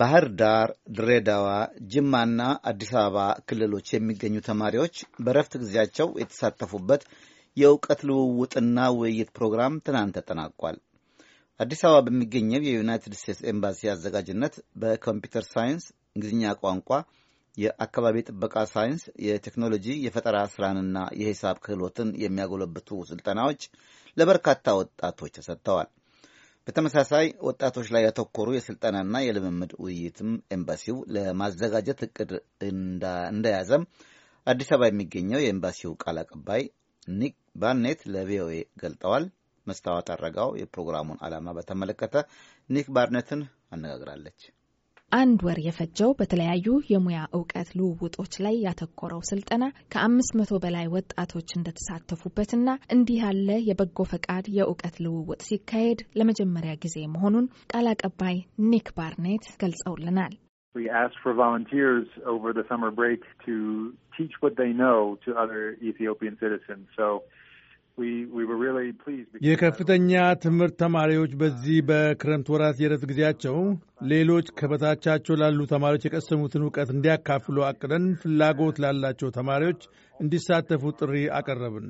ባህር ዳር፣ ድሬዳዋ፣ ጅማና አዲስ አበባ ክልሎች የሚገኙ ተማሪዎች በረፍት ጊዜያቸው የተሳተፉበት የእውቀት ልውውጥና ውይይት ፕሮግራም ትናንት ተጠናቋል። አዲስ አበባ በሚገኘው የዩናይትድ ስቴትስ ኤምባሲ አዘጋጅነት በኮምፒውተር ሳይንስ፣ እንግሊዝኛ ቋንቋ፣ የአካባቢ ጥበቃ ሳይንስ፣ የቴክኖሎጂ የፈጠራ ስራንና የሂሳብ ክህሎትን የሚያጎለብቱ ስልጠናዎች ለበርካታ ወጣቶች ተሰጥተዋል። በተመሳሳይ ወጣቶች ላይ ያተኮሩ የስልጠናና የልምምድ ውይይትም ኤምባሲው ለማዘጋጀት እቅድ እንደያዘም አዲስ አበባ የሚገኘው የኤምባሲው ቃል አቀባይ ኒክ ባርኔት ለቪኦኤ ገልጠዋል። መስታወት አረጋው የፕሮግራሙን ዓላማ በተመለከተ ኒክ ባርኔትን አነጋግራለች። አንድ ወር የፈጀው በተለያዩ የሙያ እውቀት ልውውጦች ላይ ያተኮረው ስልጠና ከአምስት መቶ በላይ ወጣቶች እንደተሳተፉበትና እንዲህ ያለ የበጎ ፈቃድ የእውቀት ልውውጥ ሲካሄድ ለመጀመሪያ ጊዜ መሆኑን ቃል አቀባይ ኒክ ባርኔት ገልጸውልናል። የከፍተኛ ትምህርት ተማሪዎች በዚህ በክረምት ወራት የረት ጊዜያቸው ሌሎች ከበታቻቸው ላሉ ተማሪዎች የቀሰሙትን እውቀት እንዲያካፍሉ አቅደን ፍላጎት ላላቸው ተማሪዎች እንዲሳተፉ ጥሪ አቀረብን።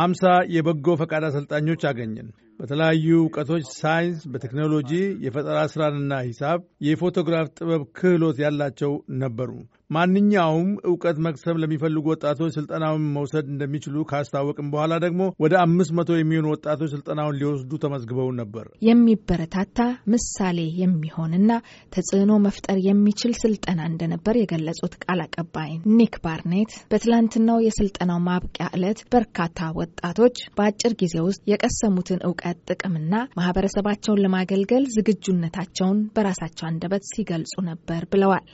ሀምሳ የበጎ ፈቃድ አሰልጣኞች አገኘን። በተለያዩ እውቀቶች ሳይንስ፣ በቴክኖሎጂ፣ የፈጠራ ስራንና ሂሳብ፣ የፎቶግራፍ ጥበብ ክህሎት ያላቸው ነበሩ። ማንኛውም እውቀት መቅሰም ለሚፈልጉ ወጣቶች ስልጠናውን መውሰድ እንደሚችሉ ካስታወቅም በኋላ ደግሞ ወደ አምስት መቶ የሚሆኑ ወጣቶች ስልጠናውን ሊወስዱ ተመዝግበው ነበር። የሚበረታታ ምሳሌ የሚሆንና ተጽዕኖ መፍጠር የሚችል ስልጠና እንደነበር የገለጹት ቃል አቀባይ ኒክ ባርኔት በትላንትናው የስልጠናው ማብቂያ ዕለት በርካታ ወጣቶች በአጭር ጊዜ ውስጥ የቀሰሙትን እውቀት የማምጣት ጥቅምና ማህበረሰባቸውን ለማገልገል ዝግጁነታቸውን በራሳቸው አንደበት ሲገልጹ ነበር ብለዋል።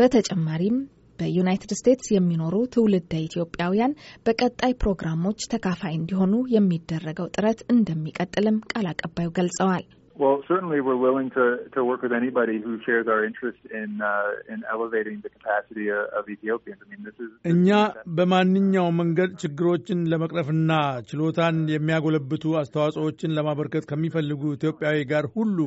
በተጨማሪም በዩናይትድ ስቴትስ የሚኖሩ ትውልደ ኢትዮጵያውያን በቀጣይ ፕሮግራሞች ተካፋይ እንዲሆኑ የሚደረገው ጥረት እንደሚቀጥልም ቃል አቀባዩ ገልጸዋል። Well, certainly we're willing to, to work with anybody who shares our interest in uh, in elevating the capacity of Ethiopians. I mean, this is እኛ በማንኛውም መንገድ ችግሮችን ለመቅረፍና ችሎታን የሚያጎለብቱ አስተዋጽኦዎችን ለማበርከት ከሚፈልጉ ኢትዮጵያዊ ጋር ሁሉ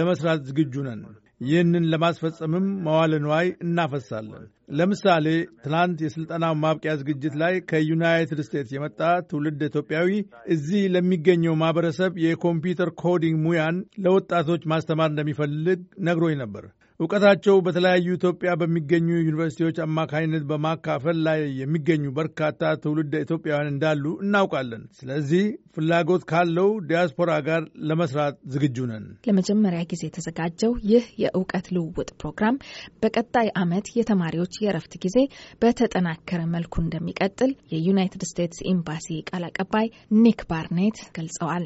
ለመስራት ዝግጁ ነን። ይህንን ለማስፈጸምም መዋለ ንዋይ እናፈሳለን። ለምሳሌ ትናንት የሥልጠናው ማብቂያ ዝግጅት ላይ ከዩናይትድ ስቴትስ የመጣ ትውልድ ኢትዮጵያዊ እዚህ ለሚገኘው ማኅበረሰብ የኮምፒውተር ኮዲንግ ሙያን ለወጣቶች ማስተማር እንደሚፈልግ ነግሮኝ ነበር። እውቀታቸው በተለያዩ ኢትዮጵያ በሚገኙ ዩኒቨርሲቲዎች አማካኝነት በማካፈል ላይ የሚገኙ በርካታ ትውልደ ኢትዮጵያውያን እንዳሉ እናውቃለን። ስለዚህ ፍላጎት ካለው ዲያስፖራ ጋር ለመስራት ዝግጁ ነን። ለመጀመሪያ ጊዜ የተዘጋጀው ይህ የእውቀት ልውውጥ ፕሮግራም በቀጣይ ዓመት የተማሪዎች የእረፍት ጊዜ በተጠናከረ መልኩ እንደሚቀጥል የዩናይትድ ስቴትስ ኤምባሲ ቃል አቀባይ ኒክ ባርኔት ገልጸዋል።